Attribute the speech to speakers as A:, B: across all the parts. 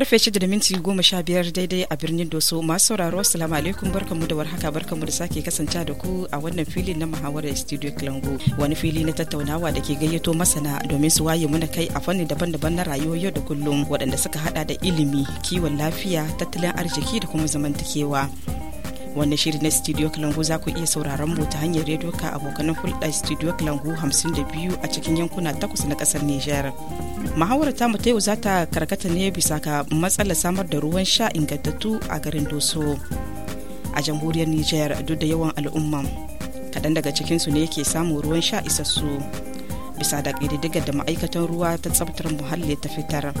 A: karfe 6 da minti 15 daidai a birnin Doso masu sauraro assalamu alaikum barkamu da warhaka barkamu da sake kasance da ku a wannan filin na muhawarar studio Klango wani fili na tattaunawa da ke gayyato masana domin su waye muna kai a fanni daban-daban na rayuwa yau da kullum waɗanda suka hada da ilimi, kiwon lafiya, tattalin arziki da kuma zamantakewa. wannan shiri na studio kalangu za ku iya sauraron mu ta hanyar rediyo ka abokanan hulɗa studio kalangu 52 a cikin yankuna takwas na ƙasar nijar muhawarar ta ta yau za ta karkata ne bisa ga matsalar samar da ruwan sha ingantattu a garin doso a jamhuriyar nijar duk da yawan al'umma kaɗan daga cikinsu ne ke samun ruwan sha isassu bisa da ƙididdigar da ma'aikatan ruwa ta tsabtar muhalli ta fitar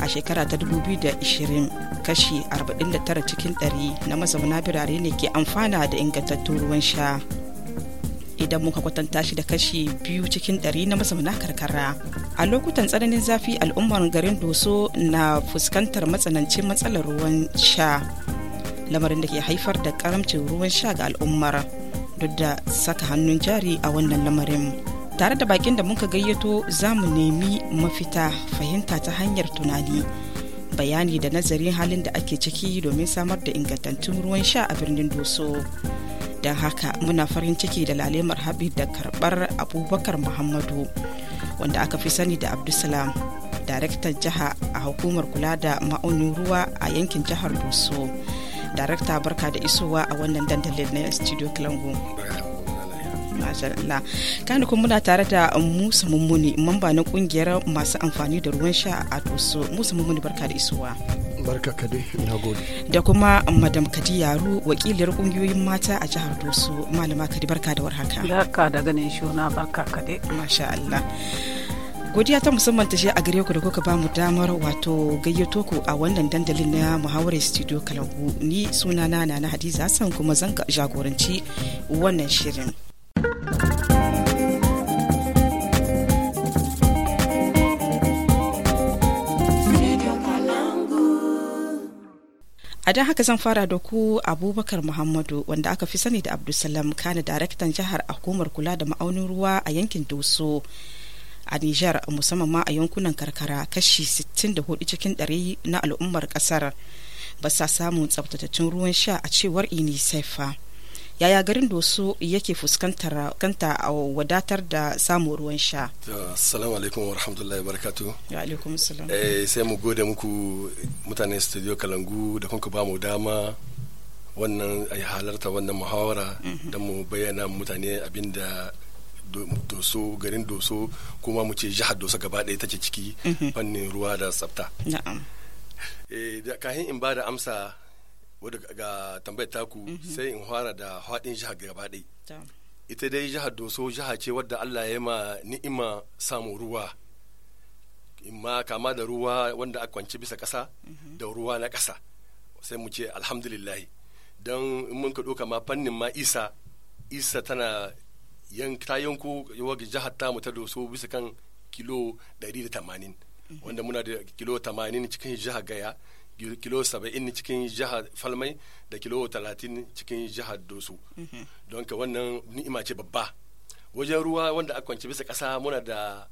A: a shekara ta 2020 kashi 49 cikin 100 na mazauna birane ne ke amfana da ingantattun ruwan sha idan muka kwatanta shi da kashi biyu cikin ɗari na mazauna karkara a lokutan tsananin zafi al'ummar garin doso na fuskantar matsanancin matsalar ruwan sha lamarin da ke haifar da karamcin ruwan sha ga al'ummar duk da saka hannun jari a wannan lamarin tare da bakin da muka gayyato za mu nemi mafita fahimta ta hanyar tunani bayani da nazarin halin da ake ciki domin samar da ingantattun ruwan sha a birnin doso don haka muna farin ciki da lalemar habi da karɓar abubakar muhammadu wanda aka fi sani da abdulsalam daraktan jiha a hukumar kula da ma'aunin ruwa a yankin jihar doso darakta barka da isowa a wannan dandalin na studio kilangu masha Allah kani kuma muna tare da Musa Mummuni mamba na kungiyar masu amfani da ruwan sha a Toso. Musa Mummuni barka da isuwa barka ka dai gode da kuma madam Kadi Yaro wakilar kungiyoyin mata a jihar Toso. malama Kadi barka da warhaka
B: barka da ganin shuna barka ka masha Allah godiya ta
A: musamman ta a gare ku da kuka ba mu damar wato gayyato ku a wannan dandalin na muhawarar studio kalangu ni sunana na na hadiza san kuma zan jagoranci wannan shirin a don haka zan fara da ku abubakar muhammadu wanda aka fi sani da abdulsalam kana daraktan jihar a hukumar kula da ma'aunin ruwa a yankin doso a nijar musamman ma a yankunan karkara kashi 64 cikin 100 na al'ummar kasar ba sa samun tsabtatattun ruwan sha a cewar unicef yaya garin doso yake fuskantar kanta a wadatar da samun ruwan sha
C: assalamu alaikum wa rahmatullahi barakatu
A: alaikum salam eh, sai mu
C: gode muku mutane studio kalangu da kuka ba mu dama wannan a halarta wannan muhawara mhm. Da mu bayyana mutane abinda doso garin doso kuma mu ce jihar doso gaba ɗaya ta ce ciki mhm. fannin ruwa da tsafta na'am eh, kahin in ba da amsa wadda ga tambayar taku mhm. sai in fara da haɗin jihar gaba ɗai ita dai jihar doso jiha ce wadda allah ya ma ni'ima samun ruwa ma kama da ruwa wanda a kwanci bisa ƙasa mhm. da ruwa na ƙasa sai mu ce alhamdulillahi don in mun ka ɗoka ma fannin ma isa isa tana ta yanku wagi jihar tamu ta doso bisa kan kilo 180 mhm. wanda muna da kilo 80 cikin jihar gaya kilo saba'in cikin jihar falmai da kilo talatin cikin jihar dosu mhm. don ka wannan ni'ima ce babba wajen ruwa wanda aka kwanci bisa ƙasa muna da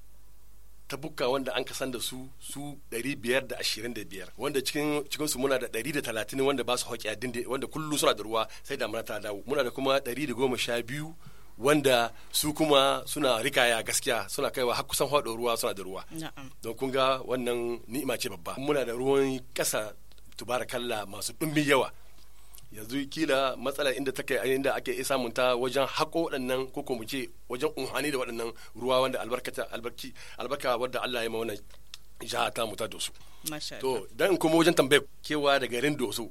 C: tabuka wanda an kasan da su su 525 wanda cikin su muna da 130 wanda ba su haƙi a dinde wanda kullum suna da ruwa sai muna ta dawo muna da kuma 112 wanda su kuma suna rikaya gaskiya suna kaiwa har kusan haɗo ruwa suna da ruwa don kun ga wannan ni'ima ce babba muna da ruwan ƙasa tubarakalla masu ɗumbin yawa yanzu kila matsala inda take inda ake isa ta wajen haƙo waɗannan ko mu ce wajen unhani da waɗannan ruwa wanda albarkata albarki albarka wanda Allah ya ma wannan jihar ta muta dosu to dan kuma wajen tambaye kewa da garin dosu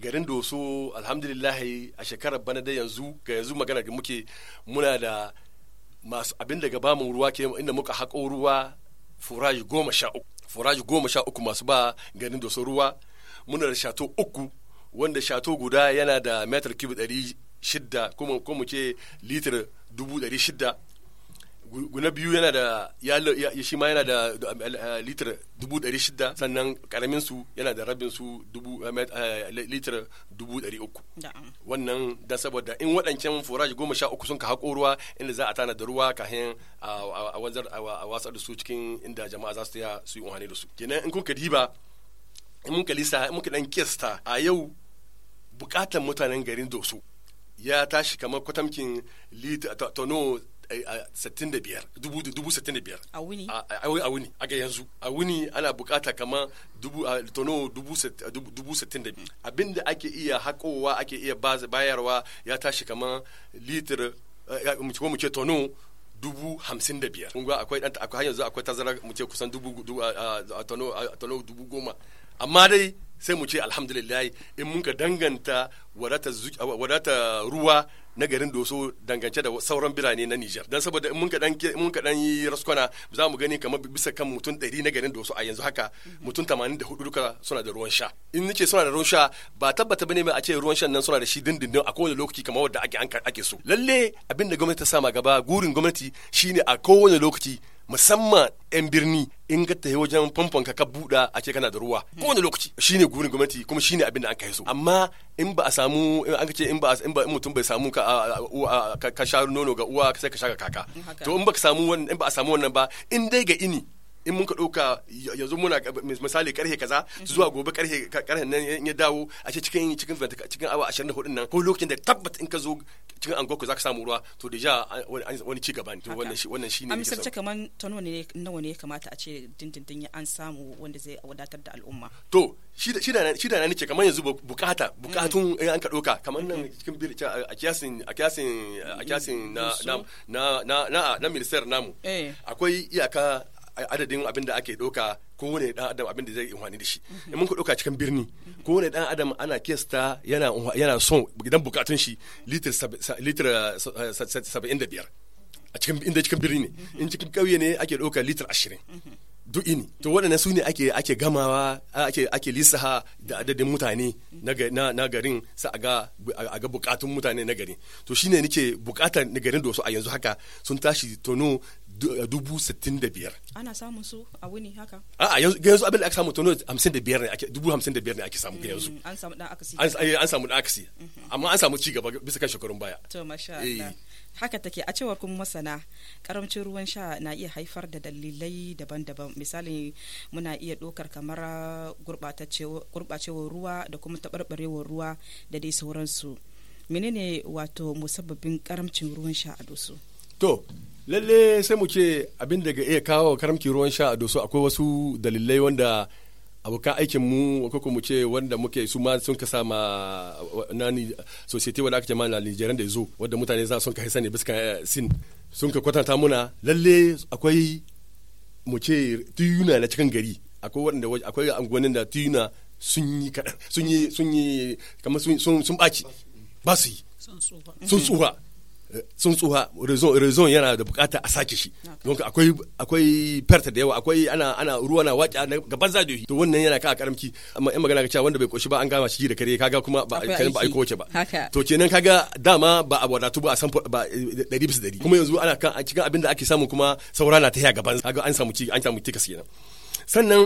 C: garin doso alhamdulillahi a shekarar bana da yanzu ga yanzu magana da muke muna da masu abin daga bamu ruwa ke inda muka haƙo ruwa furaji goma sha uku furaji goma sha uku masu ba garin doso ruwa muna da shato uku wanda shato guda yana da metar kibi ɗari shidda kuma ko mu ce litir dubu ɗari shidda guna biyu yana da ya shi ma yana da litir dubu ɗari shida sannan karamin su yana da rabin su dubu litir dubu ɗari uku wannan da saboda in waɗancan furaji goma sha uku sun ka haƙo ruwa inda za a tana da ruwa kafin a wanzar a wasa da su cikin inda jama'a za su ya su yi unhani da su kenan in kun ka diba in mun ka lisa in mun ka dan kesta a yau bukatan mutanen garin dosu ya tashi kamar kwatamkin tono 65 a wuni a ga yanzu a wuni ana bukata kama tono 65 abinda ake iya haƙowa ake iya bayarwa ya tashi kama litir eh, ko mu ce tono dubu hamsin da biyar. Kunga akwai ɗan akwai hanyar zuwa akwai tazara mu ce kusan dubu a tono dubu goma. Amma dai sai mu ce alhamdulillah in mun ka danganta wadata ruwa na garin doso dangance da sauran birane na Nijar. Don saboda in muka dan muka dan yi raskwana za mu gani kamar bisa kan mutum 100 na garin doso a yanzu haka mutum 84 duka suna da ruwan sha. In nace suna da ruwan sha ba tabbata bane mai a ce ruwan shan nan suna da shi dindindin a kowane lokaci kamar wanda ake ake so. Lalle abin da gwamnati ta sama gaba gurin gwamnati shine a kowane lokaci musamman 'yan birni in ka tafi wajen famfon ka buɗa a ce kana da ruwa hmm. kowane lokaci shine gurin gwamnati kuma shine abin da an kai so amma in ba a samu an ka ce in ba in mutum bai samu ka ka sha nono ga uwa sai ka sha ga kaka to in ba ka samu wannan in ba a samu wannan ba in dai ga ini in mun ka ɗauka yanzu muna misali karhe kaza mm-hmm. zuwa gobe karhe karhe nan ya dawo a ce cikin cikin cikin awa 24 nan ko lokacin da tabbata in ka zo cikin angon za zaka samu ruwa to deja wani ci gaba ne wannan shi wannan shine amsar ce
A: kaman tano ne nawa ne kamata a ce dindindin ya an samu wanda zai wadatar da al'umma
C: to shi da shi da na kaman yanzu bukata mm-hmm. bukatun an ka ɗauka kaman nan mm-hmm. cikin a kiyasin a kiyasin a kiyasin na na na na na minister namu eh. akwai iyaka adadin abin da ake ɗauka kowane ɗan adam abin da zai amfani da shi mhm. in mun ku ɗauka cikin birni mhm. kowane ɗan adam ana kesta yana yana son gidan bukatun shi litir litir eh, eh, da biyar a cikin inda cikin birni ne mhm. in cikin ƙauye ne ake ɗauka litir ashirin duk ini to waɗannan su ne ake ake gamawa ake ake lisaha da adadin mutane na na garin sa aga ga bukatun mutane na garin to shine nake bukatar na garin su a yanzu haka sun tashi tono dubu sittin da biyar
A: ana samun su a wuni haka
C: a yanzu yanzu abin da aka samu tono hamsin da biyar ne ake dubu hamsin da biyar ne ake samu yanzu mm,
A: an samu dan akasi an samu dan
C: akasi amma an samu ci gaba bisa kan shekarun baya to
A: masha eh. Allah haka take a cewar kuma masana karamcin ruwan sha na iya haifar da dalilai daban-daban misali muna iya ɗaukar kamar gurɓacewar ruwa da kuma taɓarɓarewar ruwa da dai sauransu menene wato musabbabin karamcin ruwan sha a doso
C: to lalle sai mu ce abin da iya kawo karamcin ruwan sha a doso akwai wasu dalilai wanda ka aikin mu ko mu ce wanda muke su ma sun kasa ma nani society wanda aka ce ma Nigerian da zo wanda mutane za sun kai sani biska eh, sin sun ka kwatanta muna lalle akwai mu ce tiyuna na cikin gari akwai wanda akwai angonin da tiyuna sun yi kadan sun yi sun yi kamar sun sun baci ba su yi
B: sun
C: tsufa tsuntsuwa rezon yana da bukata a sake shi don akwai akwai ferta da yawa akwai ana ana ruwa na na gaban zadohi to wannan yana ka karamki amma in magana cewa wanda bai koshi ba an gama shi da kare kaga kuma ba kan ba aiko wace ba to kenan kaga dama ba a wadatu ba a san ba 100% eh, kuma yanzu ana kan cikin abin da ake samu kuma saura na ta gaban kaga an samu ci an samu tikas kenan sannan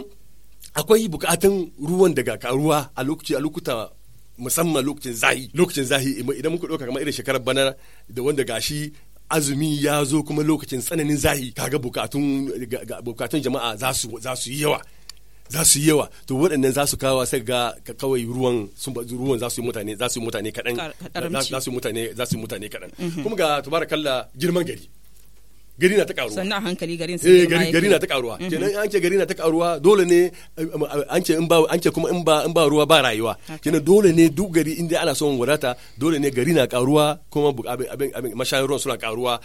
C: akwai bukatun ruwan daga karuwa a lokaci a lokuta musamman lokacin zahi lokacin zahi idan muka ɗauka kamar irin shekarar bana da wanda gashi azumi ya zo kuma lokacin tsananin zahi kaga bukatun bukatun jama'a za su za su yi yawa za su yi yawa to waɗannan za su kawo sai ga kawai ruwan sun ruwan za su yi mutane za su yi mutane kaɗan za su yi mutane za su yi mutane kaɗan mhm. kuma ga
A: tubarakalla girman
C: gari gari na ta karuwa sannan
A: hankali garin sai eh gari gari na ta karuwa mhm. kenan
C: an ce gari na ta karuwa dole ne an ce in ba an ce kuma in ba in ba ruwa ba rayuwa kenan dole ne duk gari inda ana son wadata dole ne gari na karuwa kuma abin abin abin mashayar ruwan suna karuwa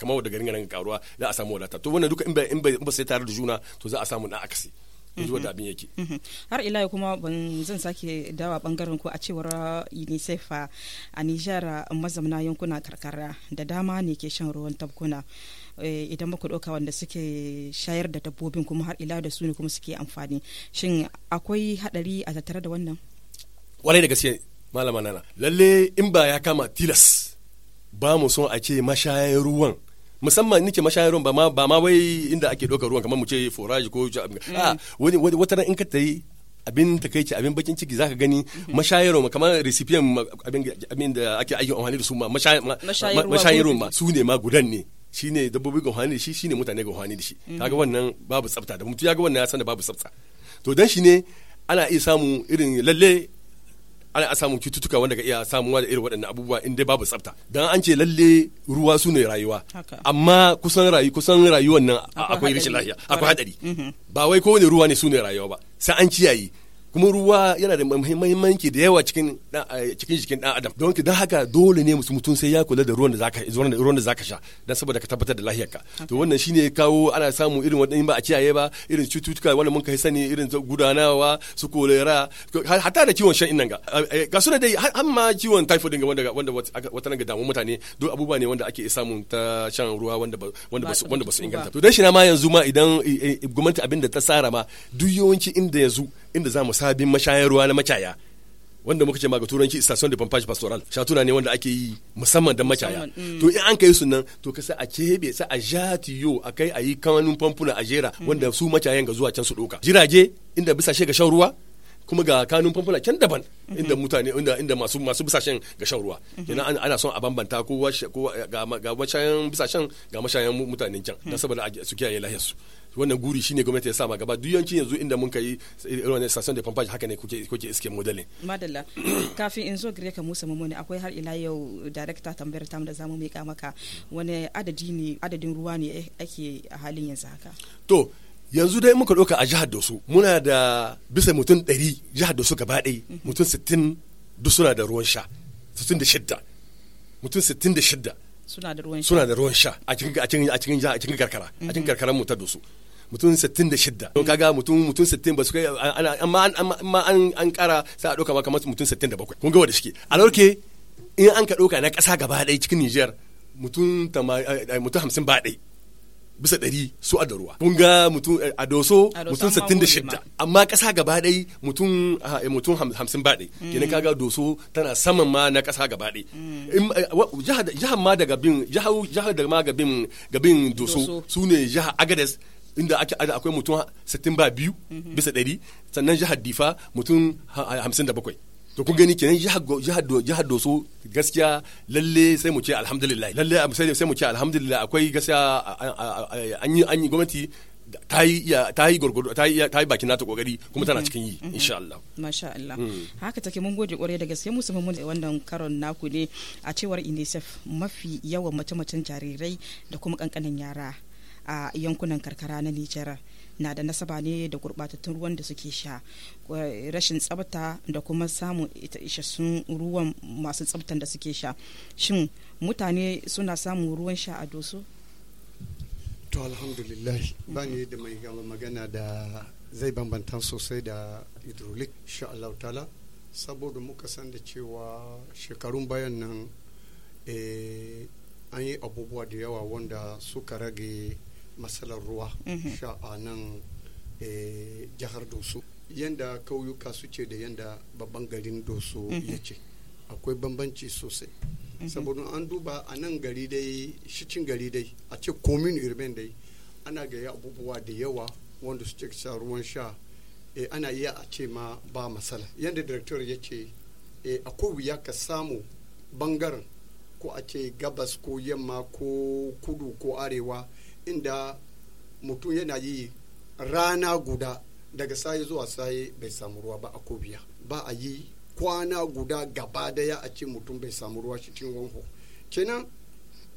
C: kamar da garin nan karuwa za a samu wadata to wannan duka in ba in ba sai tare da juna to za a samu na akasi yanzu wanda abin yake
A: mhm. Mhm. har ila kuma ban zan sake dawa bangaren ko a cewar unicef a nijar mazamna yankuna karkara da dama ne ke shan ruwan tabkuna eh, idan muku ɗauka wanda suke shayar da dabbobin kuma har ila da su ne kuma suke amfani shin akwai haɗari a tattare da wannan
C: warai da gaske malama nana lalle in ba ya kama tilas ba mu son a ce mashayan ruwan musamman nike mashayarun ba ma ba ma wai inda ake ɗaukar ruwan kamar mu ce forage ko a mm. wani wata in ka tayi abin ci abin bakin ciki zaka gani mm-hmm. mashayarun ma kamar recipient abin da ake aikin amfani da su ma mashayarun ma su ne ma gudan ne shi ne dabbobi ga amfani da shi shi ne mutane ga amfani da shi mm. kaga wannan babu tsafta da mutum ya ga wannan ya san da babu tsafta to dan shi ne ana iya samu irin lalle ana a samun cututtuka wanda ka iya samuwa da irin waɗannan abubuwa in dai babu tsafta dan an ce lalle ruwa su ne rayuwa amma kusan rayu kusan rayuwan nan akwai rashin lafiya akwai hadari mhm. ba wai kowane ruwa ne su ne rayuwa ba sai an kiyaye kuma ruwa yana da muhimmanci da yawa cikin cikin jikin dan adam don don haka dole ne musu mutum sai ya kula da ruwan da zaka ruwan da zaka sha dan saboda ka tabbatar da lafiyarka to wannan shine kawo ana samu irin wannan ba a ciyaye ba irin cututtuka wanda mun kai sani irin gudanawa su kolera hatta da ciwon shan innan ga ga suna dai har ma ciwon typhoid ga wanda wanda wata nan ga damu mutane duk abubuwa ne wanda ake samun ta shan ruwa wanda wanda basu wanda basu inganta to dan shi na ma yanzu ma idan gwamnati abin da ta sarama ma duk yawanci inda yanzu inda za mu sabin mashayan ruwa na macaya wanda muka ce ma ga turanci station de pompage pastoral shatuna ne wanda ake yi musamman dan macaya mm. to in an kai su nan to ka sai a kebe sai a jatiyo a kai a yi kanu pampuna a jera mm. wanda su macayan ga zuwa can su doka jirage inda bisa ga shan ruwa kuma ga kanun famfuna can daban mhm. inda mutane inda inda masu masu bisashen ga shan ruwa ina mhm. ana son a bambanta ko ga ga mashayan bisashen ga mashayan mutanen can mhm. dan saboda su kiyaye lafiyar su wannan guri shine gwamnati ya sama gaba duyanci yanzu inda mun kai irin wannan station de pompage haka ne kuke kuke iske modelin
A: madalla kafin in zo gare ka Musa Mamoni akwai har ila yau director tambayar ta mu da zamu mika maka wani adadi ne adadin ruwa ne eh, ake a halin yanzu haka
C: to yanzu dai muka ɗauka a jihar Doso muna da bisa mutum ɗari jihar Doso gaba ɗaya mutum sittin duk suna da ruwan sha sittin da shidda mutum sittin da shidda
A: suna da ruwan sha suna
C: da ruwan sha a cikin a cikin a cikin a cikin karkara a cikin mm-hmm. karkaran mu ta Doso mutum sittin da shidda don kaga mutum mutum sittin ba su kai amma amma an an kara sai a ɗauka ba kamar mutum sittin da bakwai kun ga wanda shike a lauke in an ka ɗauka na ƙasa gaba ɗaya cikin Nijar eh, eh, mutum hamsin ba ɗaya bisa ɗari su a da ruwa. Kun ga mutum eh, a doso mutum sittin da shidda amma ƙasa gaba ɗai mutum ah, eh, mutum hamsin ba ɗai. Mm. Kenan kaga doso tana saman ma na ƙasa gaba ɗai. Mm. Eh, jihar ma daga bin jihar da ma ga bin doso su ne jihar Agadez. inda ake ada akwai mutum sittin ba biyu mm-hmm. bisa ɗari sannan jihar Difa mutum hamsin da bakwai. to ku gani kenan jihar doso gaskiya lalle sai mu ce alhamdulillah lalle sai mu ce alhamdulillah akwai gaskiya an yi an yi gwamnati ta yi gwargwado ta yi bakin nata kokari kuma tana mhm. cikin yi mhm. insha Allah masha Allah hmm.
A: haka take mun gode kwarai da gaske musu mun wannan karon naku ne a cewar UNICEF mafi yawan mace-macen jarirai da kuma kankanin yara a yankunan karkara na Nijar na da nasaba ne da gurbatattun ruwan da suke sha rashin tsabta da kuma samun isassun ruwan masu tsabtan da suke sha shin mutane suna samun ruwan sha a doso
D: to alhamdulillah ba ni da mai magana da zai bambanta sosai da hydraulic sha Allah ta'ala saboda muka san da cewa shekarun bayan nan eh, an yi abubuwa da yawa wanda suka rage matsalar ruwa mhm. sha a nan eh, jihar doso yanda kauyuka suke da yanda babban garin doso mhm. ya ce akwai bambanci sosai mhm. saboda an duba a nan gari dai shicin gari dai a ce komin irmen dai ana gaya abubuwa da yawa wanda su sa ruwan sha eh, ana iya a ce ma ba matsala yadda director ya ce eh, akwai wuya ka samu bangaren ko a ce gabas ko yamma ko kudu ko arewa inda mutum yana yi rana guda daga saye zuwa saye bai samu ruwa ba a kobiya ba a yi kwana guda gaba daya a ce mutum bai samu ruwa cikin wanho kenan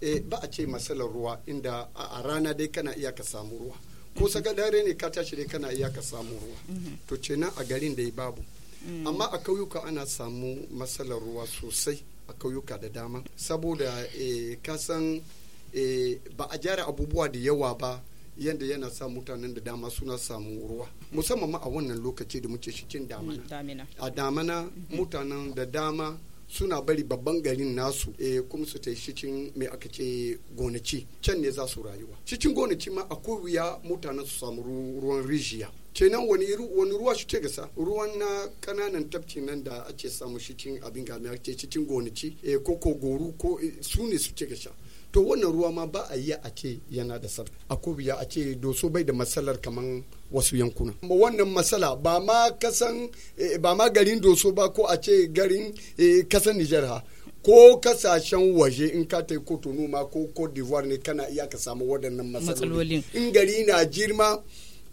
D: e, ba a ce matsalar ruwa inda a, rana dai kana iya ka samu ruwa ko mm-hmm. saka dare ne ka tashi dai kana iya ka samu ruwa mm-hmm. to kenan a garin da babu mm. amma a kauyuka ana samu matsalar ruwa sosai a kauyuka da dama saboda e, ka Eh, ba a gyara abubuwa da yawa ba yadda yana sa mutanen da dama suna samun ruwa musamman ma a wannan lokaci da muke cikin damana mm, a damana mutanen da dama suna bari babban garin nasu e, kuma su ta cikin mai aka ce gonaci can ne za su rayuwa cikin gonaci ma akwai wuya mutanen su samu ruwan rijiya kenan wani wani ruwa shi ce gasa ruwan na kananan tafki nan da ake samu cikin abin gami ake cikin gonaci e, eh, ko ko goru ko su ne su ce gasa to wannan ruwa ma ba a yi a ce yana da sar a biya a ce doso bai da matsalar kaman wasu yankuna wannan matsala ba ma kasan eh, ba ma garin doso ba ko a ce garin eh, kasan Nijar ha ko kasashen waje in ka ta kotonu ma ko Cote d'Ivoire ne kana iya ka samu waɗannan matsaloli in gari na girma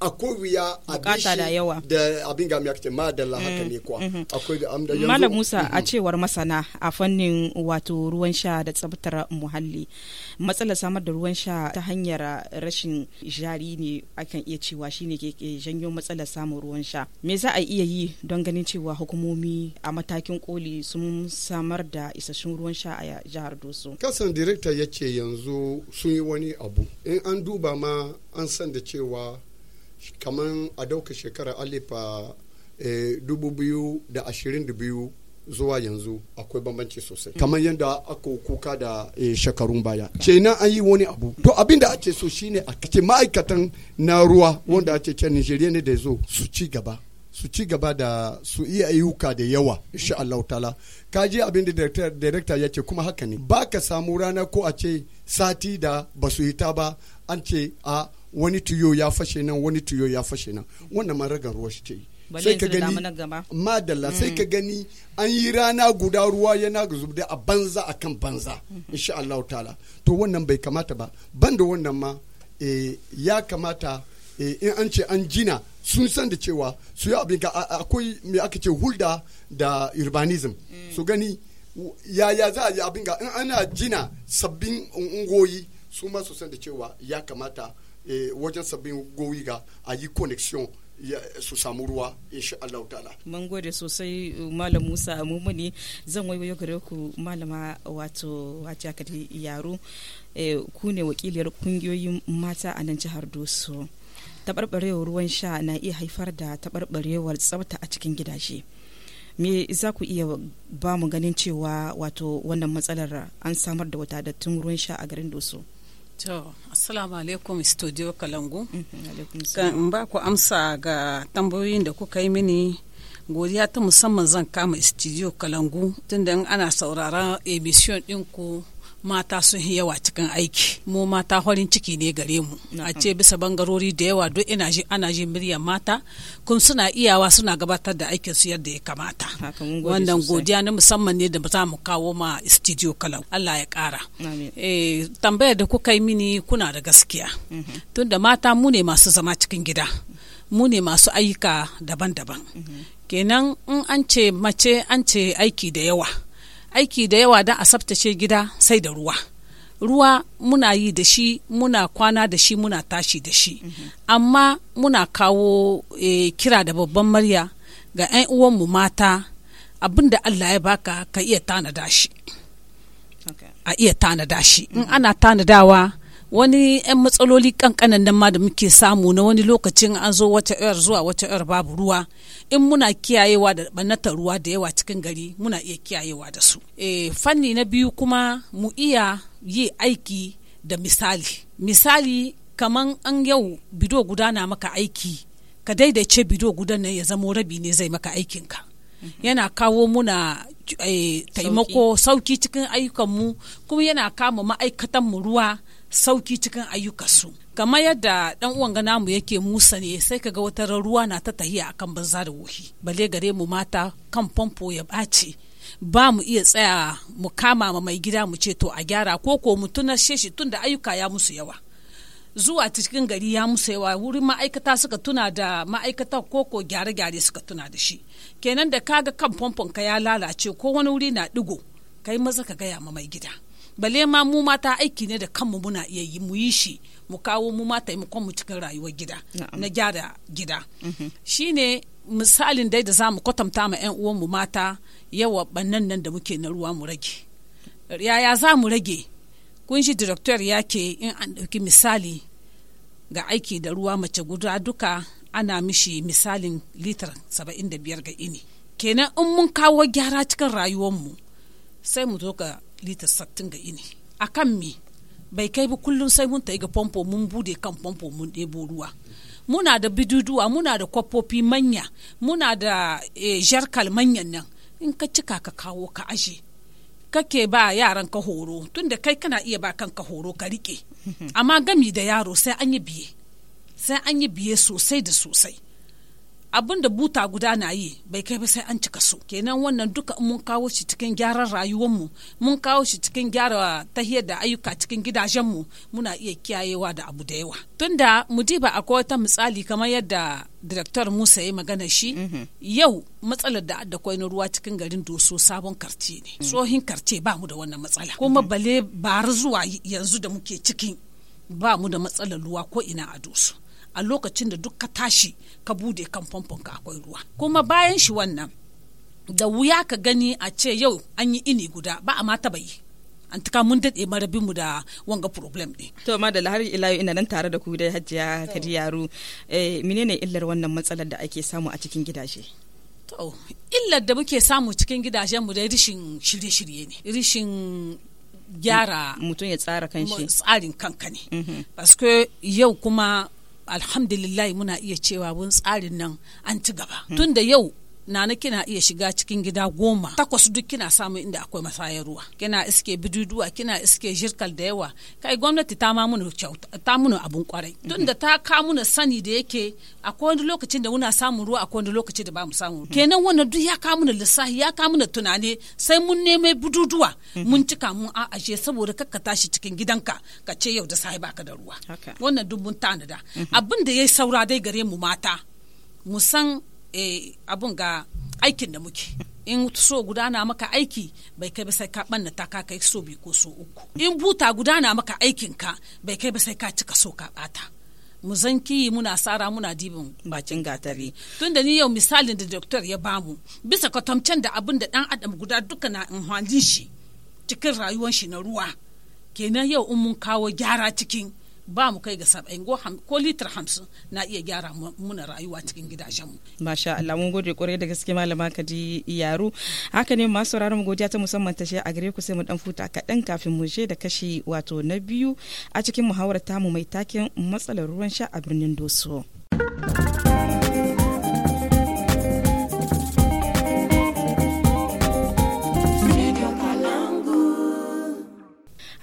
D: akwai wuya a da abin ga miyakta da mm. haka ne kuwa mm-hmm. akwai da amda yanzu Malam Musa a mm-hmm.
A: cewar masana a fannin wato ruwan sha da tsabtar muhalli matsalar samar da ruwan sha ta hanyar rashin jari ne akan iya cewa shine ke janyo matsalar samun ruwan sha me za a iya yi don ganin cewa hukumomi a matakin koli sun samar da isassun ruwan sha a jihar Doso
D: kasan direkta ya ce yanzu sun yi wani abu in an duba ma an san da cewa kamar a dauka shekara alifa eh, dubu biyu da ashirin biyu zuwa yanzu akwai bambanci sosai mm. kamar yadda aka kuka da e, shekarun baya na an yi wani abu to abin da ake so shine a kace ma'aikatan na ruwa wanda ake ce Nigeria ne da zo su ci gaba su ci gaba da su iya ayyuka da yawa insha Allah ta'ala ka je abin da director ya ce kuma haka ne ba ka samu rana ko a ce sati da ba su ta ba an ce a wani tuyo ya fashe nan wani tuyo ya fashe nan wannan ma ragar ruwa shi ce sai ka gani madalla sai mm. ka gani an yi rana guda ruwa yana ga zubda a banza akan banza mm-hmm. insha Allah ta'ala to wannan bai kamata ba banda wannan ma eh, ya kamata eh, in an ce an jina sun san da cewa su yi abin akwai me aka ce hulda da urbanism mm. su gani yaya za a yi abin ga in ana jina sabbin
A: ungoyi
D: su ma su san da cewa ya kamata wajen sabbin gowiga a yi connection su samu ruwa insha Allah ta'ala.
A: Mun gode sosai Malam Musa Mumuni zan waiwayo gare ku malama wato Hajiya Kadi Yaro eh, ku ne wakiliyar kungiyoyin mata a nan jihar Doso. Tabarbarewar ruwan sha na iya haifar da tabarbarewar tsafta a cikin gidaje. Me za ku iya ba mu ganin cewa wato wannan matsalar an samar da wadatattun
B: ruwan sha a garin Doso? To, Assalamu alaikum studio Kalangu. Mhm, in ba ku amsa ga tambayoyin da kuka yi mini godiya ta musamman zan kama studio Kalangu tunda ana sauraron emission ɗinku mata sun yi yawa cikin aiki mu mata farin ciki ne gare mu a ce bisa bangarori da yawa duk ina ji ana ji mata kun suna iyawa suna gabatar da aikin su yadda ya kamata wannan godiya na musamman ne da za mu kawo ma studio kalau Allah ya kara eh tambayar da kuka yi mini kuna da gaskiya mhm. tunda mata mu ne masu zama cikin gida mu ne masu ayyuka daban-daban mhm. kenan in an ce mace an ce aiki da yawa aiki da yawa don a tsaftace gida sai da ruwa ruwa muna yi da shi muna kwana da shi muna tashi da shi amma muna kawo e, kira da babban murya ga 'yan uwanmu mata abin da allah ya baka ka iya tanada shi a iya tanada shi in mm -hmm. ana tanadawa wani 'yan matsaloli kankanan nan ma da muke samu na wani lokacin an zo wata 'yar zuwa wata 'yar babu ruwa in muna kiyayewa da banata ruwa da yawa cikin gari muna iya kiyayewa da su e, fanni na biyu kuma mu iya yi aiki da misali misali kaman an yau bido guda na maka aiki ka daidaice bido guda nan ya zamo rabi ne zai maka aikinka ka mhm. yana kawo muna e, taimako sauki cikin ayyukanmu kuma yana kama ma'aikatan mu ruwa sauki cikin ayyukansu kamar yadda dan uwan mu yake musa ne sai ka ga wata ruwa na ta tahiya akan banza da wuhi bale gare mu mata kan famfo ya ɓaci ba mu iya tsaya mu kama ma mai gida mu ce to a gyara ko ko mu tunar sheshi tun da ayyuka ya musu yawa zuwa cikin gari ya musu yawa wurin ma'aikata suka tuna da ma'aikata ko ko gyare-gyare suka tuna da shi kenan da kaga kan famfon ka ya lalace ko wani wuri na digo kai maza ka gaya ma mai gida bale ma mu mata aiki ne da kanmu muna iya yi mu yi shi mu kawo mu mata taimakon mu cikin rayuwar gida na gyara gida mhm. Shi ne misalin dai da za mu kwatanta ma 'yan mu mata yawa bannan nan da muke na ruwa mu rage yaya za mu rage kun shi director ya ke in an ɗauki misali ga aiki da ruwa mace guda duka ana mishi misalin litar 75 ga ini kenan in mun kawo gyara cikin mu sai mu zo ga litar sattin ga ini a kan me bai kai ba kullum sai mun ta'i ga famfo mun bude kan famfo mun ɗebo ruwa muna da biduduwa muna da kwafofi manya muna da eh, jarkal manyan nan in ka cika ka kawo ka aje kake ba yaran ka horo tunda kai kana iya ba kanka horo ka rike amma gami da yaro sai an yi biye sai an yi biye sosai da sosai abin da buta guda na yi bai kai ba sai an cika so. kenan wannan duka mun kawo shi cikin gyaran rayuwar mu. mun kawo shi cikin gyara tahiyar da ayyuka cikin gidajen mu. muna iya kiyayewa da abu da yawa tunda mudiba akwai wata misali kamar yadda Direktar Musa ya magana shi mm-hmm. yau matsalar da da na ruwa cikin garin Doso sabon karce ne. Mm. Tsohin karce ba mu da wannan matsala. Mm-hmm. Kuma bale bar zuwa yanzu da muke cikin ba mu da matsalar ruwa ko ina a Doso. a lokacin da duk ka tashi ka bude kan famfon ka akwai ruwa kuma bayan shi wannan da wuya ka gani a ce yau an yi ini guda ba a mata taba yi an tuka mun daɗe marabinmu da wanga problem ɗin.
A: To ma da lahari ila ina nan tare da ku dai Hajiya Kadi Yaro eh, menene illar wannan matsalar da ake samu a cikin gidaje? To
B: illar da muke samu cikin gidajenmu dai rishin shirye-shirye ne rishin gyara mutum ya tsara kanshi tsarin kanka ne. Mm-hmm. Paske yau kuma alhamdulillah muna iya cewa wani tsarin nan an ci gaba tun da yau nana kina iya shiga cikin gida goma takwas duk kina samun inda akwai masayar ruwa kina iske biduduwa kina iske jirkal da yawa kai gwamnati ta ma kyauta ta muna abun kwarai tun da ta ka sani da yake akwai wani lokacin da muna samun ruwa akwai wani lokaci da ba mu samu hmm. kenan wannan duk ya ka muna lissafi ya kamuna tunani sai mun neme biduduwa hmm. mun cika mun a ashe saboda kakka tashi cikin gidanka ka ce yau da sai baka da ruwa wannan duk mun tanada hmm. abin da yayi saura dai gare mu mata mu san Eh, abun ga aikin da muke in so gudana maka aiki bai kai sai ka ɓanna ta ka kai so biyu ko so uku in buta gudana maka aikin ka bai kai ba sai ka cika so ka ɓata mu zan muna sara muna dibin bakin gatari tun da ni yau misalin da doktor ya bamu bisa kwatamcen da abin da dan adam guda duka na in shi cikin rayuwan shi na ruwa kenan yau in mun kawo gyara cikin ba mu kai ga saba'in ko litar hamsin na iya gyara muna rayuwa cikin gidajenmu.
A: Masha Allah mun gode kwarai da gaske malama Kadi Yaro. Haka ne masu sauraron mu godiya ta musamman ta a gare ku sai mu dan futa kaɗan kafin mu je da kashi wato na biyu a cikin muhawarar tamu mai taken matsalar ruwan sha a birnin Doso.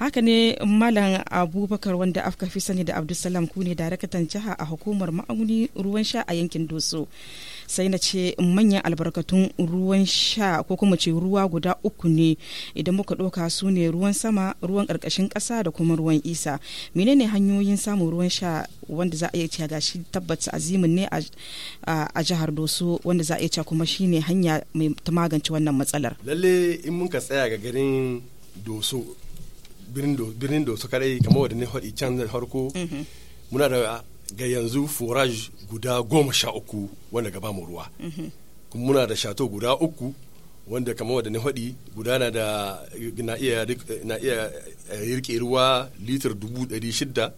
A: haka ne malam abubakar wanda aka fi sani da abdulsalam ku ne darakatan jiha a hukumar ma'auni ruwan sha a yankin doso sai na ce manyan albarkatun ruwan sha ko kuma ce ruwa guda uku ne idan muka ɗauka su ne ruwan sama ruwan ƙarƙashin ƙasa da kuma ruwan isa menene hanyoyin samun ruwan sha wanda za a iya cewa gashi tabbata azimin ne a jihar doso wanda za a iya cewa kuma shine hanya mai ta magance wannan matsalar
C: lalle in muka tsaya ga garin doso birnin da su kadai kama wadda ne haɗi can da harko mhm. muna da ga yanzu forage guda goma sha uku wanda gaba mu ruwa mhm. kuma muna da shato guda uku wanda kama wadda ne haɗi guda na da na iya na iya eh, yirki ruwa litar dubu ɗari shida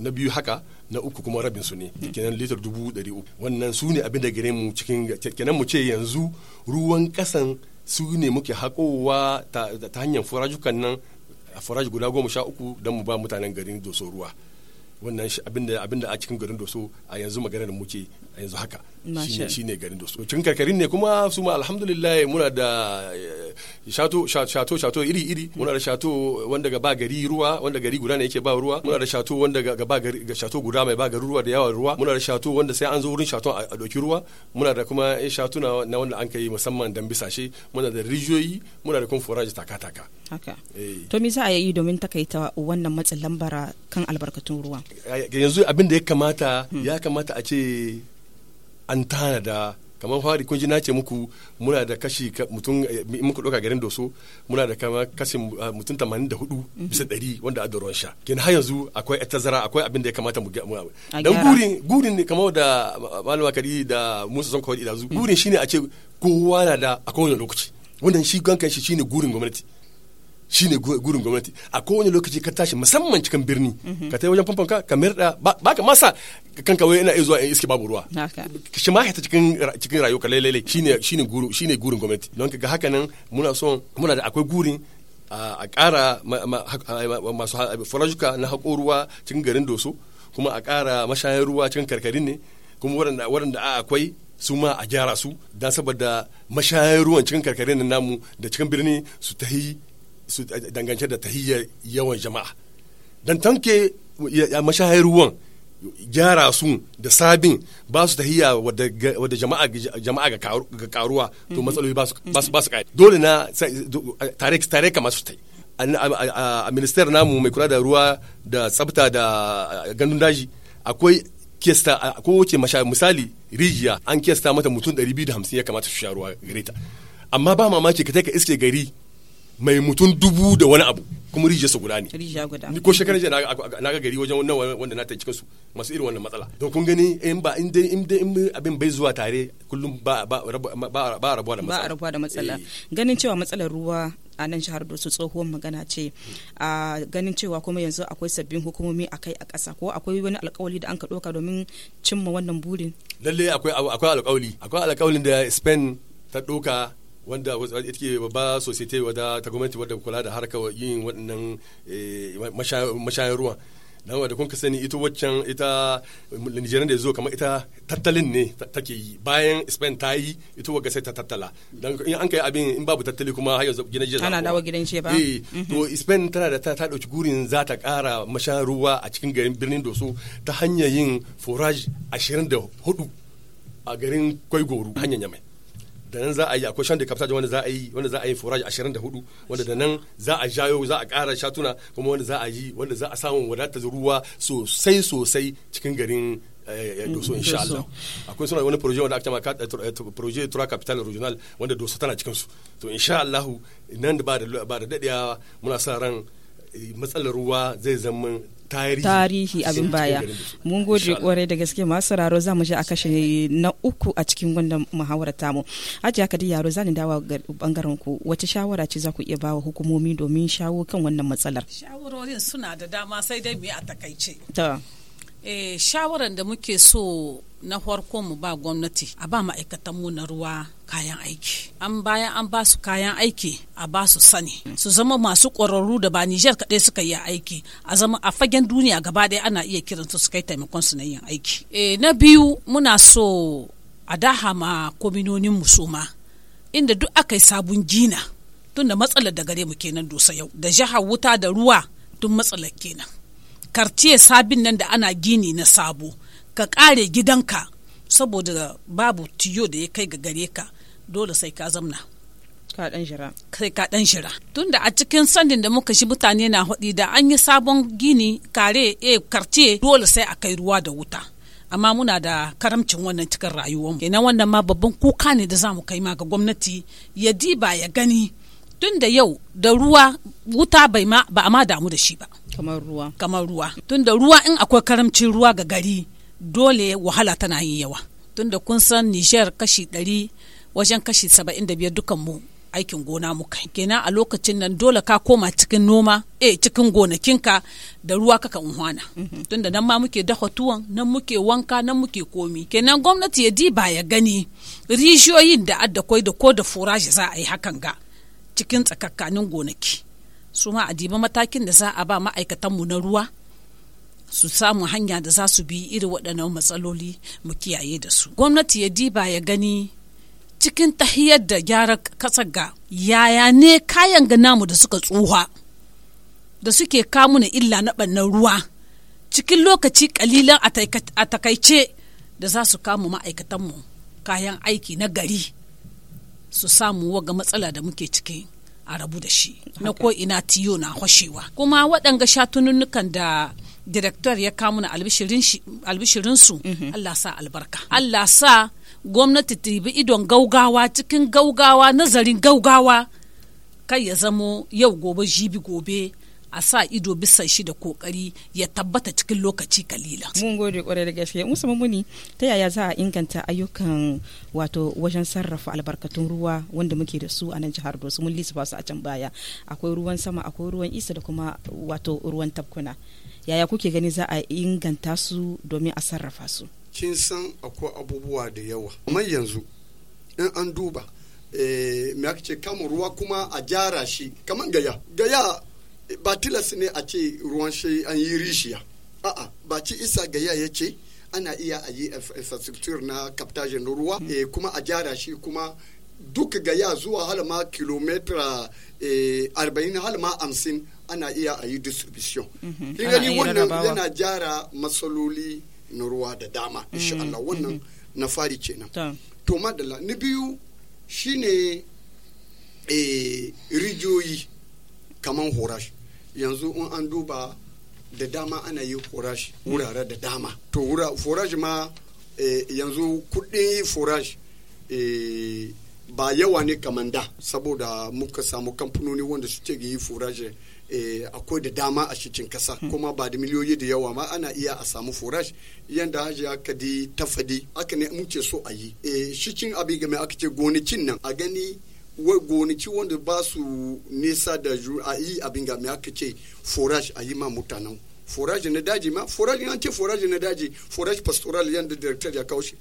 C: na biyu haka na uku kuma rabin su ne mhm. kenan litar dubu ɗari uku wannan su ne abin da gare mu cikin kenan mu ce yanzu ruwan kasan su ne muke haƙowa ta hanyar furajukan nan a faraj guda goma sha uku don mu ba mutanen garin doso ruwa wannan abinda a cikin garin doso a yanzu maganar mu ce a yanzu haka shi ne garin dosu cikin karkarin ne kuma su ma alhamdulillah muna da eh, shato shato shato iri iri muna da shato wanda ga ba gari ruwa wanda gari guda ne yake ba ruwa muna da shato wanda ga ba gari ga shato guda mai ba gari ruwa da yawa ruwa muna da shato wanda sai an zo wurin shato a doki ruwa muna da kuma in shato na wanda an kai musamman dan bisashe muna da rijiyoyi muna da kuma foraji taka taka haka eh.
A: to me za a yi domin takaita wannan matsin lambara kan albarkatun ruwa
C: yanzu abin da ya kamata hmm. ya kamata a ce an tanada kamar fari kun ji na ce muku muna da kashi mutum eh, muku ɗauka garin doso muna da kama kashi eh, mutum tamanin da hudu bisa ɗari wanda a doron sha kenan har yanzu akwai tazara akwai abin da ya kamata mu dan gurin gurin ne kamar da malam kari da musa son kawai idazu mm. gurin shine a ce kowa na da a kowane lokaci wannan shi gankan shi shine gurin gwamnati shi ne gurin gwamnati a kowane lokaci ka tashi musamman cikin birni mm-hmm. ka tai wajen famfanka ka mirda ba ka masa kan wai ina iya zuwa in iske babu ruwa shi ma hita cikin cikin rayuwa lalle shine shine guru shine gurin gwamnati don ga haka nan muna son muna da akwai gurin a ƙara masu farajuka na haƙo ruwa cikin garin doso kuma a ƙara mashayan ruwa cikin karkarin ne kuma waɗanda a akwai su ma a gyara su don saboda mashayan ruwan cikin karkarin na namu da cikin birni su tahi yi dangance da tahiyyar yawan jama'a don tanke mashayan ruwan gyara su da sabin ba su tahiya wadda jama'a ga karuwa to mhm. matsaloli ba su kai mhm. dole na tare kama su ta a minister namu mai kula da ruwa da tsabta da gandun daji akwai kesta ko wace misali rijiya an kesta mata mutum 250 ya kamata su sha ruwa gare ta amma ba mamaki ka ka iske gari mai mutum dubu da wani abu kuma rijiyarsu guda ne rijiya guda ni ko shekaran jiya na ga gari wajen wannan wanda na ta cikin su masu irin wannan matsala to kun gani in ba in dai in dai abin bai zuwa tare kullum ba ba ba rabuwa da matsala ba rabuwa da
A: matsala eh. ganin cewa matsalar ruwa a nan jihar Dosu tsohuwar magana ce a ganin cewa kuma yanzu akwai sabbin hukumomi a kai a ƙasa ko akwai wani alƙawali da an ka ɗauka domin cimma wannan burin
C: lalle akwai akwai alƙawali akwai alƙawalin da Spain ta ɗauka wanda ita ke babba society wadda ta gwamnati wadda kula da harkar yin waɗannan eh, mashayan ruwa dan wadda kun sani ita waccan ita nigeria da zo kamar ita tattalin ne take yi bayan Spain ta yi ita wagga sai ta tattala don in an kai abin in babu tattali kuma har yanzu gidan jiya ana dawo gidan ce ba eh to mhm. Spain tana da ta dauki gurin za ta kara mashan ruwa a cikin garin birnin Doso ta hanyar yin forage 24 a garin Kwaigoro hanyar Yamai da nan za a yi akwai shanda da kafta wanda za a yi wanda za a yi forage 24 wanda da nan za a jayo za a ƙara shatuna kuma wanda za a yi wanda za a samu wadatar ruwa sosai sosai cikin garin eh, eh, doso mm, insha Allah akwai suna wani proje wanda aka maka eh, proje tura capital regional wanda doso tana cikin su to insha Allah nan da ba da dadewa muna sa ran matsalar ruwa zai zama tarihi abin baya
A: mun gode kwarai da gaske masu sauraro za mu je a kashe na uku a cikin wannan muhawarar tamu ajiya kadi yaro zani dawa bangaren ku wace shawara ce za ku iya bawa hukumomi domin shawo kan wannan matsalar
B: shawarorin suna da dama sai dai mu yi a takaice eh, shawaran da muke so na farko mu ba gwamnati a ba ma'aikatan mu na ruwa kayan aiki an bayan an ba su kayan aiki a ba su sani su zama masu ƙwararru da ba Nijar kaɗai suka yi aiki a zama a fagen duniya gaba ɗaya ana iya kiran su su kai taimakon su na yin aiki e, na biyu muna so a daha ma kominonin mu suma inda duk aka yi sabon gina tun da matsalar da gare mu kenan dosa yau da jihar wuta da ruwa tun matsalar kenan kartiye sabin nan da ana gini na sabo ka kare gidanka saboda babu tiyo da ya kai ga gare ka dole sai ka zamna ka dan shira kai ka tunda a cikin sandin da muka shi mutane na hudi da an yi sabon gini kare e karce dole sai a kai ruwa da wuta amma muna da karamcin wannan cikin rayuwar kenan wannan ma babban kuka ne da zamu kai ma ga gwamnati ya diba ya gani tunda yau da ruwa wuta bai ma ba a ma damu da shi ba kamar ruwa kamar ruwa tunda ruwa in akwai karamcin ruwa ga gari dole wahala tana yin yawa tunda kun san niger kashi ɗari wajen kashi saba'in da biyar dukan mu aikin gona muka kenan a lokacin nan dole ka koma cikin noma e cikin gonakinka da ruwa kaka hwana mhm. tunda nan ma muke dafa tuwon nan muke wanka nan muke komi kenan gwamnati ya diba ya gani rijiyoyin da adda kwai da ko da furaji za a yi hakan ga cikin tsakakkanin gonaki su ma a diba matakin da za a ba ma'aikatan mu na ruwa su samu hanya da za su bi iri waɗannan matsaloli mu kiyaye da su gwamnati ya diba ya gani cikin tahiyar da gyara kasar ga yaya ne kayan ga namu da suka tsuha da suke kamuna illa na ɓannan ruwa cikin lokaci ƙalilan a takaice da za su kama ma'aikatanmu kayan aiki na gari su samu waga matsala da muke ciki a rabu da shi na ko ina tiyo na hoshewa. kuma waɗanga shatununnukan da Direktor ya kawo mana mhm. Allah sa albarka Allah sa gwamnati ta bi idon gaugawa cikin gaugawa nazarin gaugawa kai ya zamo yau gobe jibi gobe a sa ido bisa shi da kokari ya tabbata cikin lokaci kalila. Mun gode kwarai da gaske. Musa Mamuni ta
A: yaya za a inganta ayyukan wato wajen sarrafa albarkatun ruwa wanda muke da su a nan jihar Bauchi mun lissafa su a can baya. Akwai ruwan sama, akwai ruwan isa da kuma wato ruwan tafkuna. yaya kuke gani za a inganta su domin a sarrafa su
D: kin san akwai abubuwa da yawa amma yanzu in an duba eh, me aka ce kama ruwa kuma a jara shi kamar gaya gaya ba tilas ne a ce ruwan shi an yi rishiya a'a ba ci isa gaya ya ce ana iya a yi infrastructure na captage ruwa hmm. eh, kuma a jara shi kuma duka gaya zuwa halama kilometra eh, arba'in halama hamsin ana iya a yi distribution
A: mhm. kin gani wannan yana
D: jara matsaloli na ruwa da dama insha mhm. Allah wannan mhm. na fari kenan to madalla ni biyu shine eh, rijiyoyi kamar horash yanzu in an duba da dama ana yi horash wurare da dama to forage ma eh, yanzu kudin forage. Eh, ba yawa ne kaman da saboda muka samu kamfanoni wanda suke yi furaje eh, akwai da dama a cikin kasa hmm. kuma ba da miliyoyi da yawa ma ana iya a samu furaje yanda haji aka di tafadi. fadi aka ne muke so a yi eh, cikin abin game aka ce gonakin nan a gani gonaki wanda ba su nesa da ju a yi abin game aka ce furaje a yi ma mutanen forage na daji ma forage an ce forage na daji forage pastoral yan da director ya kawo shi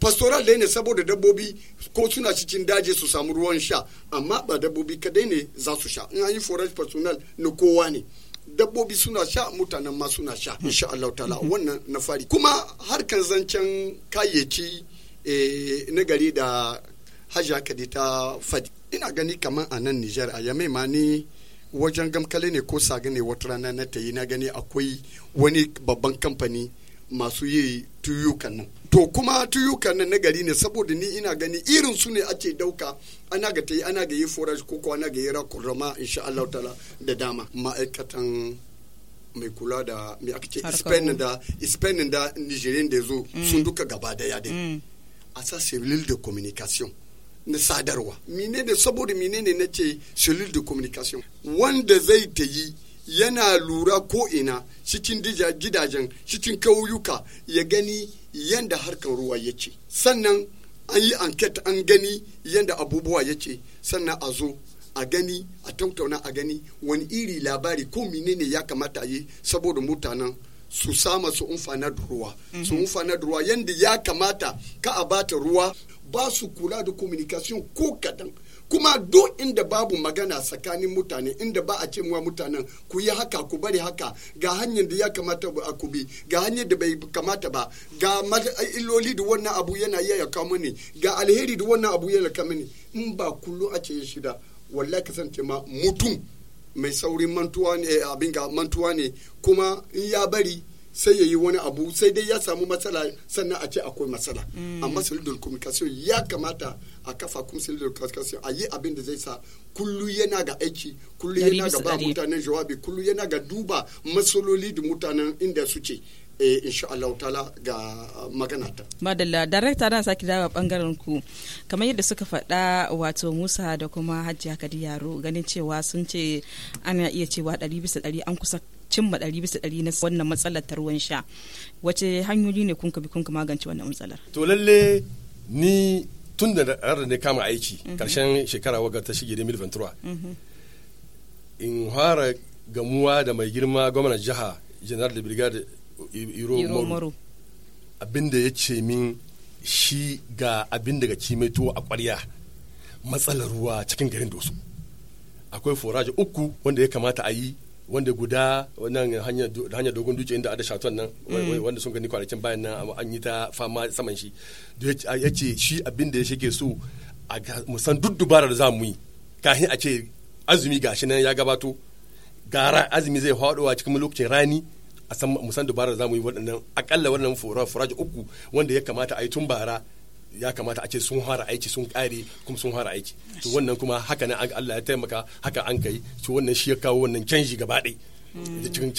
D: pastoral dai ne saboda dabbobi ko suna cikin daji su samu ruwan sha amma ba dabbobi kadai ne za su sha in an yi forage pastoral na kowa ne dabbobi suna sha mutanen ma suna sha hmm. insha Allah ta'ala hmm. wannan na fari kuma harkan zancen kayayyaki eh, na gari da hajja kadita ta fadi ina gani kamar a nan Nijar a yamai ma ni wajen gamkale ne ko saga ne wata rana na ta yi na gani akwai wani babban kamfani masu yi tuyukan nan to kuma tuyukan nan na gari ne saboda ni ina gani irin su ne ake dauka ana ga yi ana ga yi forage ko ko ana ga yi rakurama insha Allah ta'ala da dama ma'aikatan mai kula da mai aka ce spain da spain da nigerian da zo mm. sun duka gaba daya dai mm. a sa civil de communication na sadarwa mine ne saboda mine ne na ce cellule de communication wanda zai ta yi yana lura ko ina cikin gidajen cikin kauyuka ya gani yanda harkan ruwa ya ce. sannan an yi enquete an gani yanda abubuwa ya ce sannan a zo a gani a tautauna a gani wani iri labari ko mine ne ya kamata yi saboda mutanen su sama su umfana da ruwa su umfana da ruwa yadda ya kamata ka a bata ruwa ba su kula da communication ko kadan kuma duk inda babu magana tsakanin mutane inda ba a ce wa mutanen ku yi haka ku bari haka ga hanyar da ya kamata a ku bi ga hanyar da bai kamata ba ga illoli da wannan abu yana iya ya kawo mini ga alheri da wannan abu yana kawo mini in ba kullum a ce shida wallahi kasance ma mutum mai saurin mantuwa ne eh, abin ga mantuwa ne kuma in ya bari sai ya yi wani abu sai dai ya samu matsala sannan a ce akwai matsala mm. amma solidar communication ya kamata a kafa kuma solidar communication a yi abin da zai sa kullu yana ga aiki kullu yana ga ba mutanen jawabi kullu yana ga duba matsaloli da mutanen inda suke eh insha ta'ala ga magana ta
A: madalla director na saki dawa bangaren ku kamar yadda suka faɗa wato Musa da kuma Hajji Hakadi Yaro ganin cewa sun ce ana iya cewa ɗari bisa ɗari an kusa cimma ɗari bisa ɗari na wannan matsalar ta ruwan sha wace hanyoyi ne kun bi kun magance wannan matsalar
C: to lalle ni tun da ranar ne kama aiki mhm. karshen shekara wagar ta shige 2023 mhm. in fara gamuwa da mai girma gwamnan jiha general da brigade iromaru maro abinda ya ce min shi ga abin daga cimeto a kwarya matsalar ruwa cikin garin dosu akwai foraji uku wanda ya kamata a yi wanda guda wannan hanyar dogon duce inda ada shaton nan mm. wanda sun gani kwanakin bayan nan an yi ta fama saman shi ya ce shi abin da ya shige so a musan duk dubarar za mu yi kahin a ce azumi gashi nan ya gabato gara azumi zai faɗowa cikin lokacin rani a san mu san dubara za mu yi waɗannan akalla wannan furaji uku wanda ya kamata a yi tun bara ya kamata a ce sun fara aiki sun kare kuma sun fara aiki to wannan kuma haka Allah ya taimaka haka an kai to wannan shi ya kawo wannan canji gaba ɗaya Mm.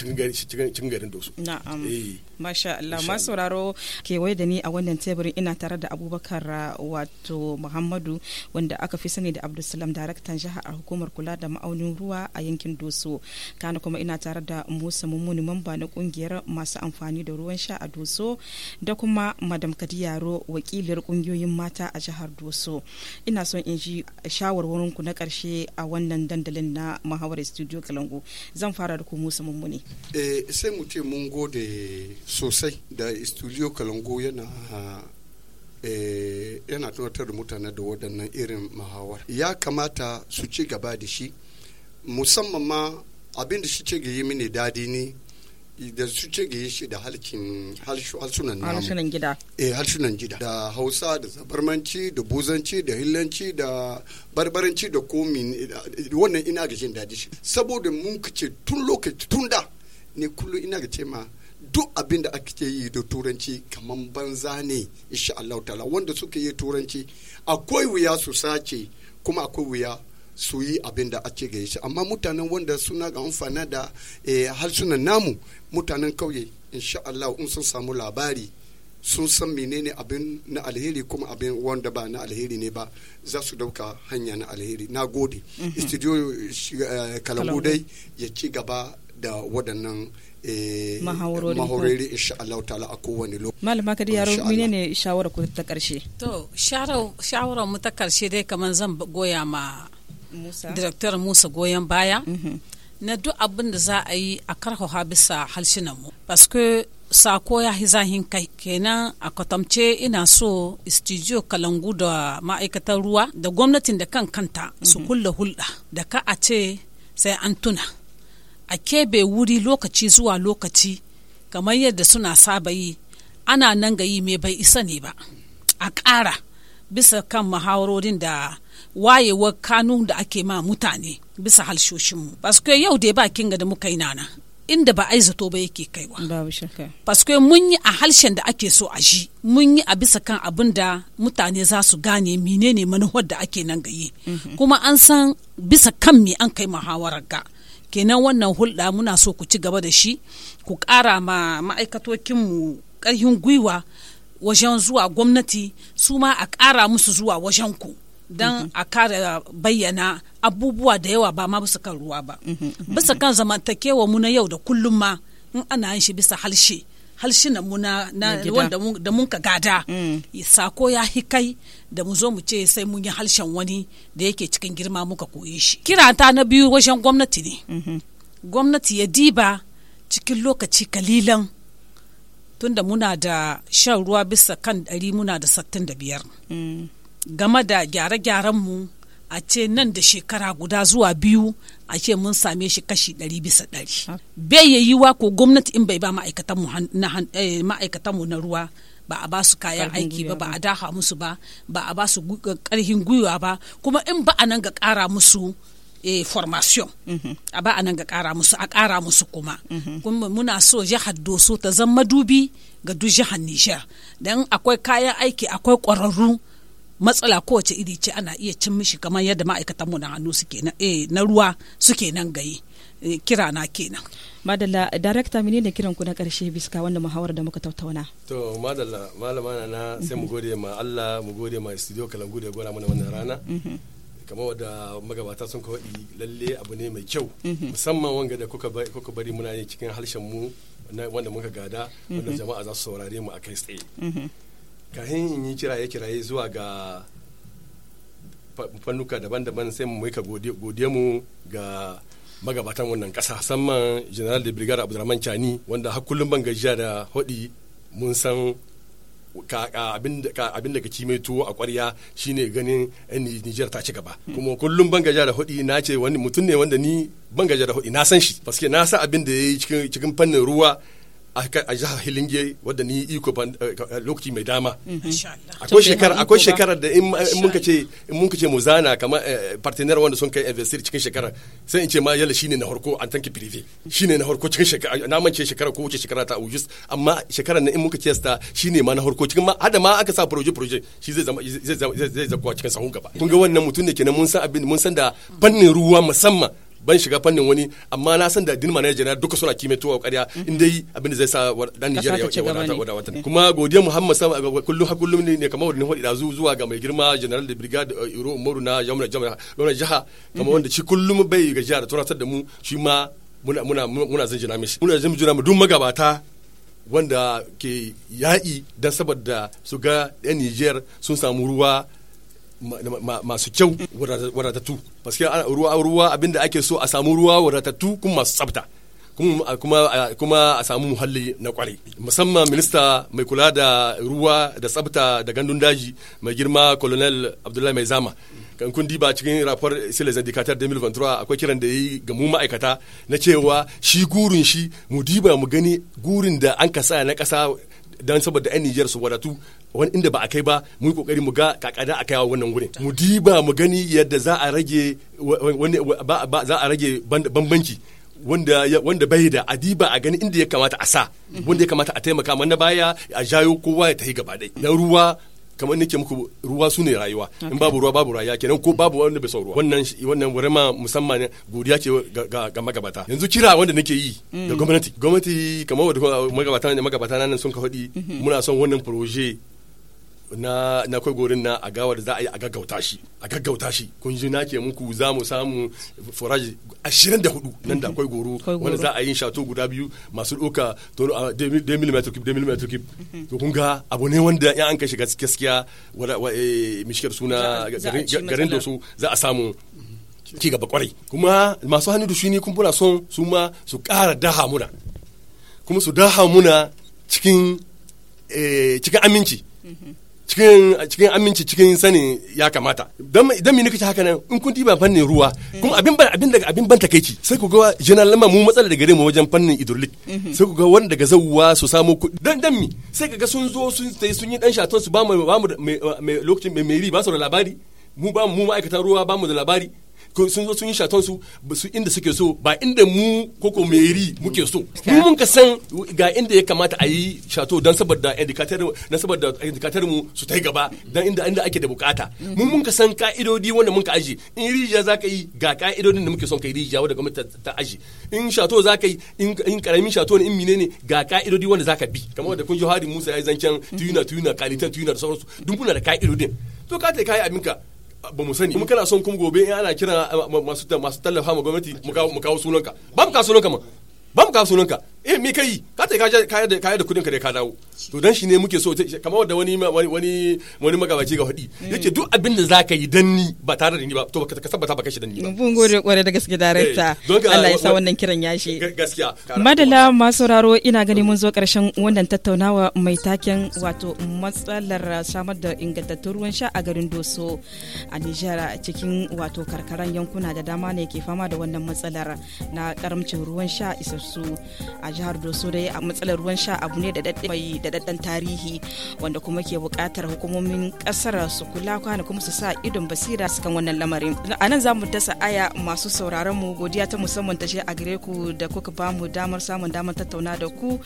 C: cikin garin dosu na'am eh.
A: masha Allah ma sauraro kewaye da ni a wannan teburin ina tare da abubakar uh, wato muhammadu wanda aka fi sani da abdulsalam daraktan jihar a hukumar kula da ma'aunin ruwa a yankin doso kana kuma ina tare da musa mummuni mamba na kungiyar masu amfani da ruwan sha a doso da kuma madam kadiyaro wakilar kungiyoyin mata a jihar doso ina son in ji shawarwarinku na karshe a wannan dandalin na mahawar studio Kalangu zan fara da ku Musa Mummuni.
D: Eh, sai mu ce mun gode sosai da Studio Kalango yana eh, yana tunatar da mutane da waɗannan irin mahawar. Ya kamata su ci gaba da shi musamman ma abin da shi ce ga yi mini dadi ne da su cege shi da halkin halsunan namu halsunan
A: gida eh halsunan
D: gida da hausa da zabarmanci da buzanci da hillanci da barbaranci da komi wannan ina ga jin dadi shi saboda mun kace tun lokaci tun da ne kullu ina ga ce ma duk abin da ake yi da turanci kamar banza ne insha Allah ta'ala wanda suka yi turanci akwai wuya su sace kuma akwai wuya su yi abin da ake gaishe amma mutanen wanda suna ga amfana da eh, harsunan namu mutanen kauye insha Allah in sun samu labari sun san menene abin na alheri kuma abin wanda ba na alheri ne ba za su dauka hanya na alheri na gode mhm. studio eh, kalambu dai ya ci gaba da waɗannan eh, mahaurori insha Allah ta'ala a kowane lokaci malama kadi yaro
A: menene ne shawara ku ta karshe
B: to shawara mu ta karshe dai kamar zan goya ma
A: Musa. Director
B: Musa goyon baya. Mm -hmm. na duk abin da za a yi a karfafa bisa halshinanmu paske sako ya zahin kai kenan a kwatamce ina so studio kalangu da ma'aikatan ruwa da gwamnatin da kan kanta su mhm. kulla hulɗa da ka a ce sai an tuna a kebe wuri lokaci zuwa lokaci kamar yadda suna saba yi ana nan ga yi mai bai isa ne ba a ƙara bisa kan mahawarorin da wayewar kanun da ake ma mutane bisa halshoshinmu paske yau ba bakin ga da muka yi nana inda ba ai zato ba yake kaiwa babu shakka paske mun yi a harshen da ake so a ji mun yi a bisa kan abin da mutane za su gane menene manufar da ake nan gaye mhm. kuma an san bisa kan me an kai muhawarar ga kenan wannan hulɗa muna so ku ci gaba da shi ku ƙara ma ma'aikatokinmu ƙarfin gwiwa wajen zuwa gwamnati su ma a ƙara musu zuwa wajen ku don mhm. a kare bayyana abubuwa da yawa ba ma bisa kan ruwa ba mhm, mhm, bisa kan zamantakewa mu na yau da kullum ma in ana yin shi bisa halshe halshe na muna na wanda da mun ka gada sako mm. ya hikai da mu zo mu ce sai mun yi halshen wani da yake cikin girma muka koye shi kira ta na biyu wajen gwamnati ne gwamnati ya diba cikin lokaci kalilan tunda muna da shan ruwa bisa kan ɗari muna da sattin da biyar. Mm. game da gyare mu a ce nan da shekara guda zuwa biyu a ce mun same shi kashi ɗari bisa ɗari. Bai ya yi wa ko gwamnati in bai ba ma'aikatanmu eh, na ruwa ba a ba su kayan aiki ba ba a daha musu ba ba a ba su eh, ƙarhin gwiwa ba kuma in ba a nan ga ƙara musu eh, formation mhm. a ba a nan ga ƙara musu a ƙara musu kuma mhm. kuma muna so jihar doso ta zama dubi ga duk jihar Nijar don akwai kayan aiki akwai ƙwararru matsala kowace iri ce ana iya cin mishi kamar yadda ma'aikatan mu na hannu suke na eh na ruwa suke nan gaye eh, kira na kenan
A: madalla darakta da kiran ku na karshe biska wanda muhawar da muka tattauna
B: to madalla malama na sai
C: mu gode ma Allah mu gode ma studio Kalangu da gora mana wannan rana mm-hmm. kamar wadda magabata sun kawaɗi lalle abu ne mai kyau mm-hmm. musamman wanga da kuka bari muna yin cikin harshen mu wanda muka gada wanda mm-hmm. jama'a za su saurare mu a kai tsaye kahin in yi kiraye-kiraye zuwa ga fannuka daban-daban sai mu ka godiya mu ga magabatan wannan kasa musamman general da brigade abdulrahman chani wanda har kullum ban gajiya da hodi mun san abin da ka kime tuwo a kwarya shine ganin yan Nijar ta ci gaba hmm. kuma kullum ban gajiya da hodi na ce wani mutum ne wanda ni ban gajiya da hodi na san shi paske na san abin da ya yi cikin fannin ruwa a jihar Hilinge wadda ni iko lokaci mai dama.
B: Akwai shekara
C: shekara da in mun kace in mun kace mu zana kamar partner wanda sun kai investir cikin shekara sai in ce ma yalla shine na harko an tanki prive shine na harko cikin shekara na mance shekara ko wuce shekara ta ujus amma shekara na in mun kace sta shine ma na harko cikin ma hada ma aka sa project project shi zai zama zai zai zai cikin sahun gaba. Kun ga wannan mutum ne kenan mun san abin mun san da fannin ruwa musamman ban shiga fannin wani amma na san da din ma Najeriya duka suna kimetuwa ƙarya mm. in dai abin da zai sa dan Najeriya ya wadata eh. kuma godiya Muhammad sama kullum kullum ne kamar wadin hudi dazu zuwa ga mai girma general da brigade eh, Iro Umaru na Jamhuriyar Jamhuriyar Jaha kamar mm-hmm. wanda shi kullum bai ga jihar turatar da mu shi ma muna muna muna zan jira mishi muna zan jira mu duk magabata wanda ke yaƙi don saboda su ga 'yan Nijar sun samu ruwa masu kyau wadatattu paske ruwa ruwa abinda ake so a samu ruwa wadatattu kuma masu tsafta kuma a samu muhalli na kwarai musamman minista mai kula da ruwa da tsafta da gandun daji mai girma colonel abdullahi mai zama kan kundi diba cikin rafar zan dikatar 2023 akwai kiran da ya yi ga mu ma'aikata na cewa shi gurin shi mu diba mu gani gurin da an kasa na kasa don saboda 'yan Nijar su wadatu wani inda ba a kai ba mu yi kokari mu ga kakada a kaiwa wannan gurin mu diba mu gani yadda za a rage wani ba za a rage bambanci wanda wanda bai da adiba a gani inda ya kamata a sa wanda ya kamata a taimaka mana baya a jayo kowa ya tafi gaba dai na ruwa kamar nake muku ruwa su ne rayuwa in babu ruwa babu rayuwa kenan ko babu wanda bai son ruwa wannan wannan ma musamman godiya ce ga magabata yanzu kira wanda nake yi da mm. gwamnati gwamnati kamar wanda magabata ne magabata nan sun ka faɗi mhm. muna son wannan proje na na gorin na a gawar za a yi a gaggauta shi a gaggauta shi kun ji na ke muku za mu samu foraji 24 nan da akwai goro wanda za a yi shato guda biyu masu doka tono a 2 mm cube 2 mm cube to kun ga abu ne wanda in an ka shiga gaskiya wada eh, mishkar suna garin da su za a samu ki gaba kwarai kuma masu hannu da shi ne kun son su ma su kara daha muna kuma su daha muna cikin eh, cikin aminci mhm. cikin aminci cikin sanin ya kamata don idan me nake haka nan in kun diba fannin ruwa eh. kuma abin ban abin daga abin ban takeici sai ku ga general lamba mu matsala daga mu wajen fannin hydraulic mhm. sai ku ga wanda daga zawwa su samu dan dan mi sai ka ga sun zo sun sun yi dan shaton su ba mu ba mu lokacin mai ba su da labari mu ba mu ma'aikatan ruwa ba mu da labari sun zo sun yi shaton su su inda suke so ba inda mu koko meri muke so mu mun ka san ga inda ya kamata a yi shato don saboda indicator na saboda indicator mu su tai gaba dan inda inda ake da bukata mu mun ka san ka'idodi wanda mun ka aji in rija zaka yi ga ka'idodin da muke son kai rija wanda gwamnati ta aji in shato zaka yi in karamin shato ne in mine ne ga ka'idodi wanda zaka bi kamar da kun ji hari musa ya zancan tuna tuna kalitan tuna da sauransu dun muna da ka'idodin to ka ta kai abinka ba mu sani kuma kana son kuma gobe in ana kira masu masu tallafa ma gwamnati mu kawo sunanka ba mu kawo sunanka ma ba mu kawo sunanka eh me kai ka ta kaje ka da ka da kudin ka da ka dawo to dan shi ne muke so kamar wanda wani wani wani magabaci ga hudi mm. yace duk abin da zaka yi dan ni ba tare da ni ba to ka tabbata ba shi dan
A: ni ba mun gode kware da gaske director eh, Allah ya sa wannan kiran ya shi gaskiya madalla masu ina gani mun zo karshen wannan tattaunawa mai taken wato matsalar samar da ingantattun ruwan sha a garin Doso a Nijar cikin wato karkaran yankuna da dama ne ke fama da wannan matsalar na karamcin ruwan sha isassu a jihar doso dai a matsalar ruwan sha abu ne da mai tarihi wanda kuma ke buƙatar hukumomin ƙasar su kula kwana kuma su sa idon basira su kan wannan lamarin a nan za mu dasa aya masu sauraron mu godiya ta musamman tashe a gare ku da kuka ba mu damar samun damar tattauna da ku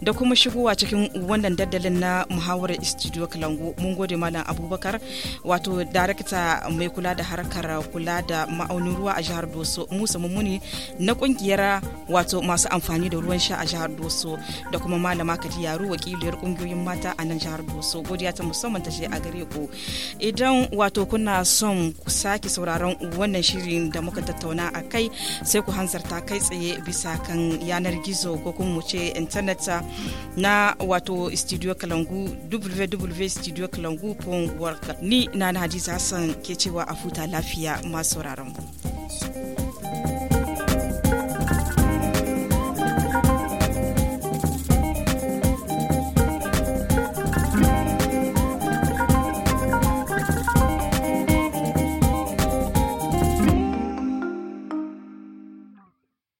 A: da kuma shigowa cikin wannan daddalin na muhawarar studio kalangu mun gode malam abubakar wato darakta mai kula da harkar kula da ma'aunin ruwa a jihar doso musa mummuni na kungiyar wato masu amfani da ruwan Aisha a jihar Doso da kuma malama Kadiyaru wakiliyar kungiyoyin mata a nan jihar Doso godiya ta musamman ta ce a gare ku idan wato kuna son ku sake sauraron wannan shirin da muka tattauna a kai sai ku hanzarta kai tsaye bisa kan yanar gizo ko kuma mu ce internet na wato studio kalangu www.studiokalangu.org ni na Hadiza Hassan ke cewa a futa lafiya masu sauraron mu.